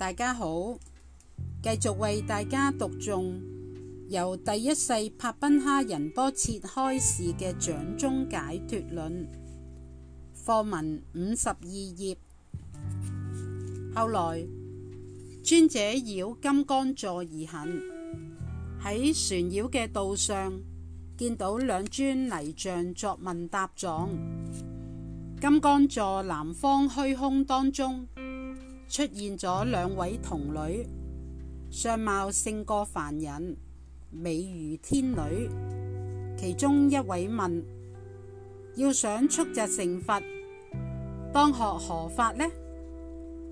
大家好，繼續為大家讀誦由第一世帕賓哈仁波切開示嘅《掌中解脫論》課文五十二頁。後來尊者繞金剛座而行，喺旋繞嘅道上見到兩尊泥像作問答狀。金剛座南方虛空當中，出現咗兩位童女，相貌勝過凡人，美如天女。其中一位問：要想速疾成佛，當學何法呢？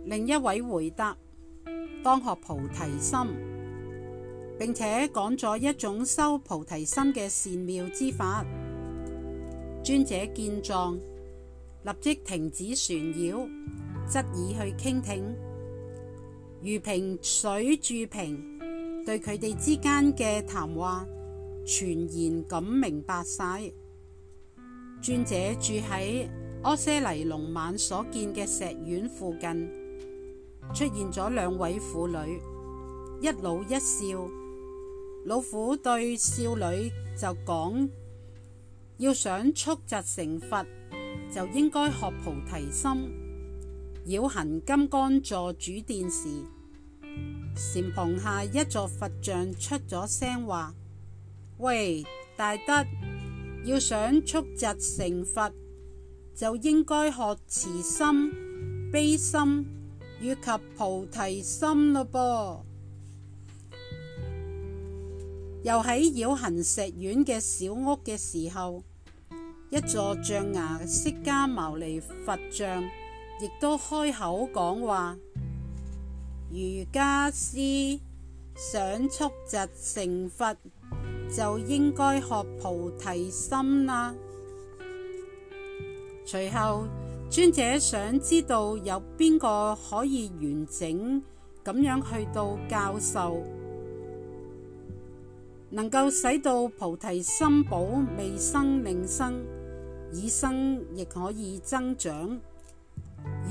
另一位回答：當學菩提心，並且講咗一種修菩提心嘅善妙之法。尊者見狀，立即停止旋繞。質以去傾聽，如瓶水注瓶，對佢哋之間嘅談話全然咁明白晒。轉 者住喺柯舍尼龍晚所見嘅石院附近，出現咗兩位婦女，一老一少。老婦對少女就講：要想速疾成佛，就應該學菩提心。繞行金剛座主殿時，禪棚下一座佛像出咗聲話，喂，大德，要想速疾成佛，就應該學慈心、悲心以及菩提心咯噃。又喺繞行石院嘅小屋嘅時候，一座象牙釋迦牟尼佛像。亦都開口講話，瑜伽師想速疾成佛，就應該學菩提心啦。隨後尊者想知道有邊個可以完整咁樣去到教授，能夠使到菩提心寶未生令生，已生亦可以增長。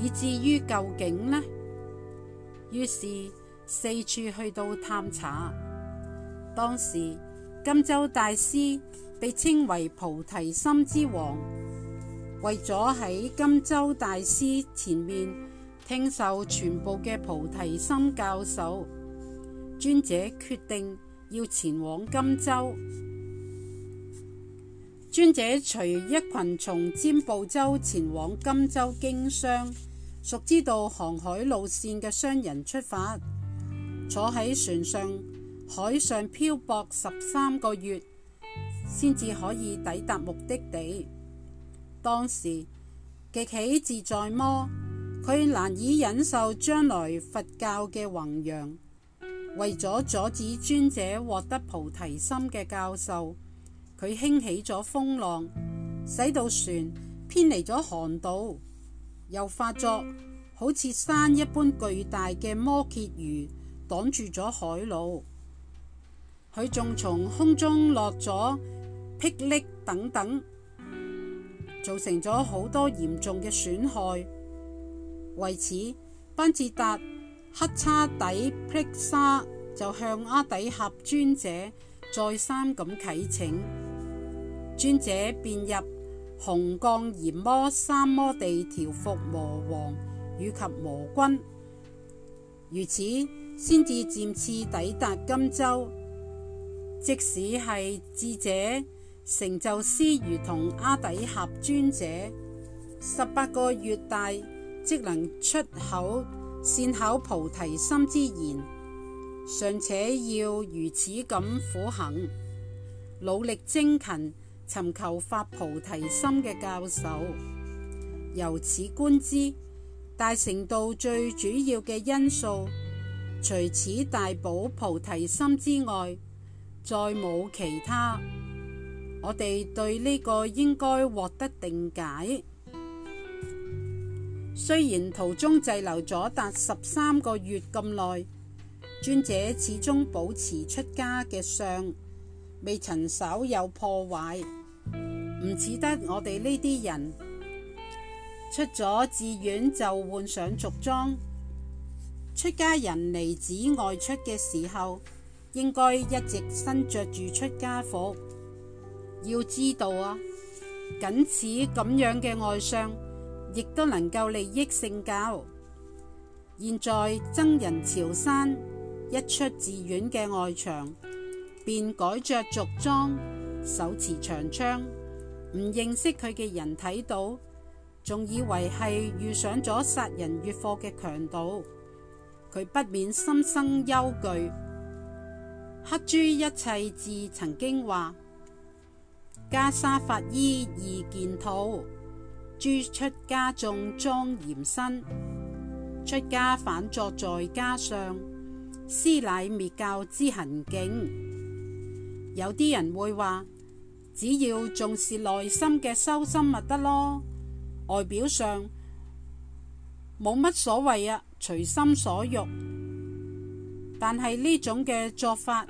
以至於究竟呢？於是四處去到探查。當時金洲大師被稱為菩提心之王，為咗喺金洲大師前面聽受全部嘅菩提心教授，尊者決定要前往金洲。尊者隨一群從占布洲前往金洲經商。熟知道航海路線嘅商人出發，坐喺船上，海上漂泊十三個月，先至可以抵達目的地。當時極喜自在魔，佢難以忍受將來佛教嘅弘揚，為咗阻止尊者獲得菩提心嘅教授，佢興起咗風浪，使到船偏離咗航道。又化作，好似山一般巨大嘅魔羯魚擋住咗海路，佢仲從空中落咗霹靂等等，造成咗好多嚴重嘅損害。為此，班智達黑叉底劈沙就向阿底峽尊者再三咁啓請，尊者便入雄降炎魔三摩地調伏魔王與及魔君，如此先至漸次抵達金洲。即使係智者成就師，如同阿底峽尊者，十八個月大即能出口善口菩提心之言，尚且要如此咁苦行、努力精勤。尋求發菩提心嘅教授，由此觀之，大成道最主要嘅因素，除此大寶菩提心之外，再冇其他。我哋對呢個應該獲得定解。雖然途中滯留咗達十三個月咁耐，尊者始終保持出家嘅相，未曾稍有破壞。唔似得我哋呢啲人出咗寺院就換上俗裝，出家人離寺外出嘅時候，應該一直身着住出家服。要知道啊，僅此咁樣嘅外相，亦都能夠利益聖教。現在僧人潮山一出寺院嘅外牆，便改着俗裝。手持長槍，唔認識佢嘅人睇到，仲以為係遇上咗殺人越貨嘅強盜，佢不免心生憂懼。黑珠一切智曾經話：袈裟法衣二件套，諸出家眾莊嚴身，出家反作在家上，實乃滅教之行徑。有啲人會話，只要重視內心嘅修心咪得咯，外表上冇乜所謂啊，隨心所欲。但係呢種嘅做法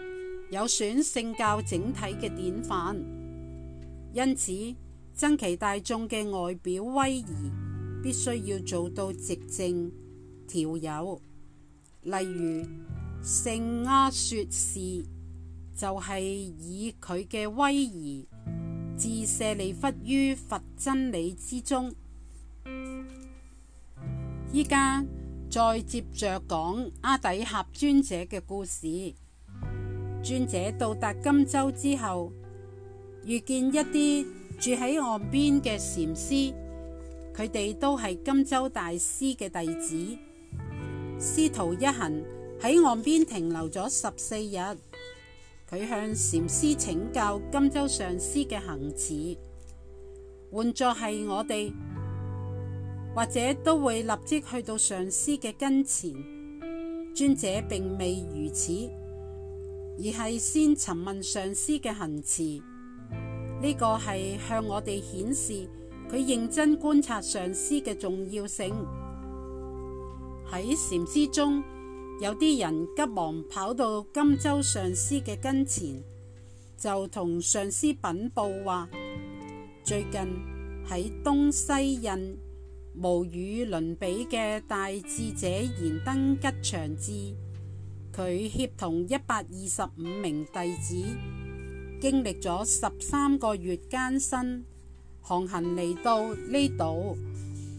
有損聖教整體嘅典範，因此增其大眾嘅外表威儀，必須要做到直正調柔。例如聖阿説事」。就係以佢嘅威儀致舍利弗於佛真理之中。依家再接着講阿底峽尊者嘅故事。尊者到達金洲之後，遇見一啲住喺岸邊嘅禪師，佢哋都係金洲大師嘅弟子。師徒一行喺岸邊停留咗十四日。佢向禪師請教金州上師嘅行持，換作係我哋，或者都會立即去到上師嘅跟前。尊者並未如此，而係先尋問上師嘅行持。呢、這個係向我哋顯示佢認真觀察上師嘅重要性。喺禪師中。有啲人急忙跑到金州上司嘅跟前，就同上司稟報話：最近喺東西印無與倫比嘅大智者燃燈吉祥智，佢協同一百二十五名弟子，經歷咗十三個月艱辛，航行嚟到呢度，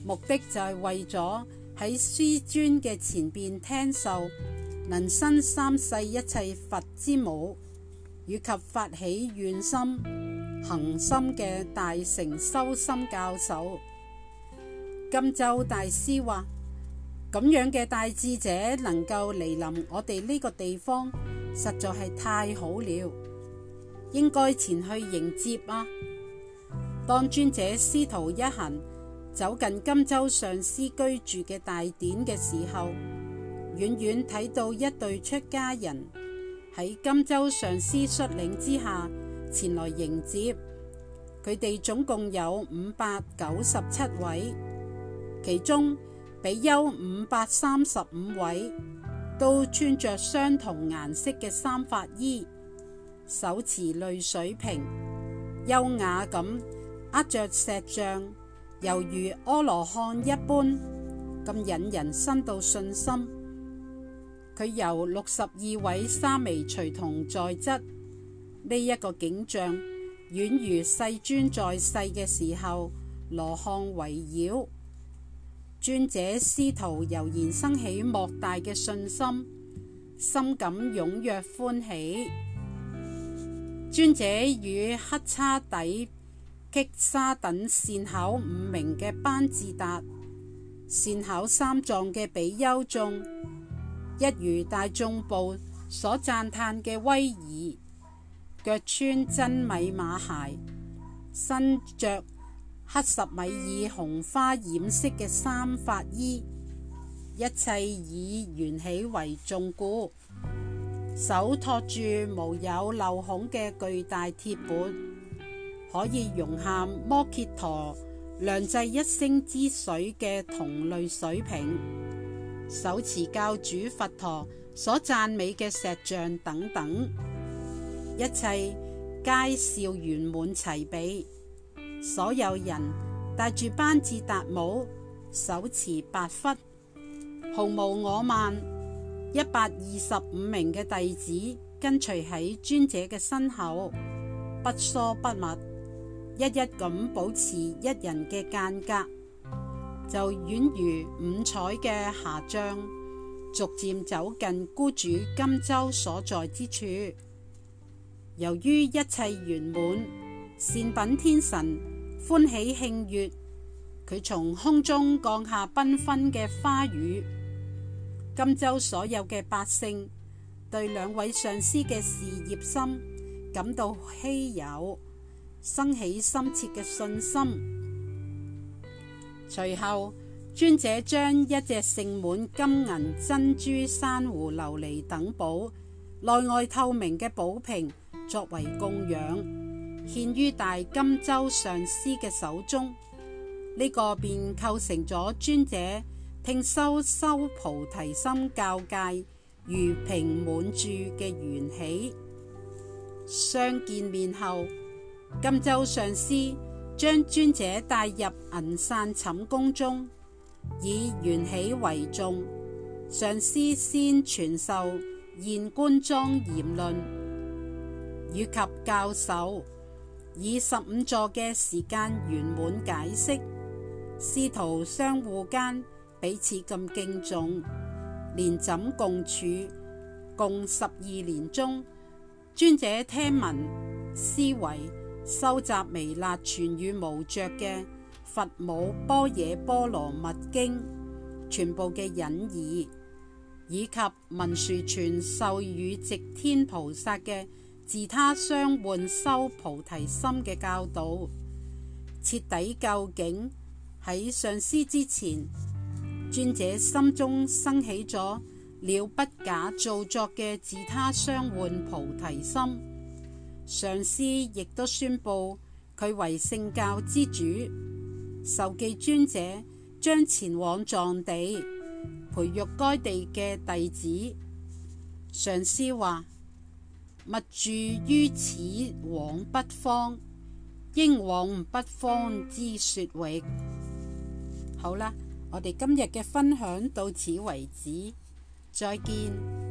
目的就係為咗。喺師尊嘅前邊聽受，能生三世一切佛之母，以及發起願心、行心嘅大乘修心教授。金洲大師話：咁樣嘅大智者能夠嚟臨我哋呢個地方，實在係太好了，應該前去迎接啊！當尊者師徒一行。走近金州上師居住嘅大殿嘅時候，遠遠睇到一對出家人喺金州上師率領之下前來迎接，佢哋總共有五百九十七位，其中比丘五百三十五位，都穿着相同顏色嘅三法衣，手持淚水瓶，優雅咁握着錫杖。猶如阿羅漢一般咁引人生到信心，佢由六十二位沙彌隨同在側，呢一個景象，遠如世尊在世嘅時候，羅漢圍繞尊者師徒，油然生起莫大嘅信心，深感踴躍歡喜。尊者與黑叉底。擊沙等善口五名嘅班智達，善口三藏嘅比丘眾，一如大眾部所讚嘆嘅威儀，腳穿真米馬鞋，身着黑十米以紅花染色嘅三法衣，一切以緣起為重故，手托住無有漏孔嘅巨大鐵本。可以容下摩羯陀量制一升之水嘅同類水瓶，手持教主佛陀所讚美嘅石像等等，一切皆笑圓滿齊備，所有人帶住班智達帽手持白忽，毫無我慢，一百二十五名嘅弟子跟隨喺尊者嘅身後，不疏不密。一一咁保持一人嘅間隔，就宛如五彩嘅霞嶂，逐漸走近孤主金州所在之處。由於一切圓滿，善品天神歡喜慶悅，佢從空中降下繽紛嘅花雨。金州所有嘅百姓對兩位上師嘅事業心感到稀有。生起深切嘅信心。隨後，尊者將一隻盛滿金銀珍，珍珠珊瑚琉璃等寶，內外透明嘅寶瓶，作為供養，獻於大金洲上師嘅手中。呢、這個便構成咗尊者聽修修菩提心教誡，如瓶滿注嘅緣起。相見面後。今週上師將尊者帶入銀散寢宮中，以緣起為重。上師先傳授現觀莊言論以及教授，以十五座嘅時間圓滿解釋。師徒相互間彼此咁敬重，連枕共處，共十二年中，尊者聽聞思維，收集彌勒傳與無著嘅《佛母般若波羅蜜經》全部嘅隱義，以及文殊傳授與寂天菩薩嘅自他相換修菩提心嘅教導，徹底究竟喺上師之前，尊者心中生起咗了了不假造作嘅自他相換菩提心。上師亦都宣布佢為聖教之主，受記尊者將前往藏地培育該地嘅弟子。上師話：勿住於此往北方，應往北方之雪域。好啦，我哋今日嘅分享到此為止，再見。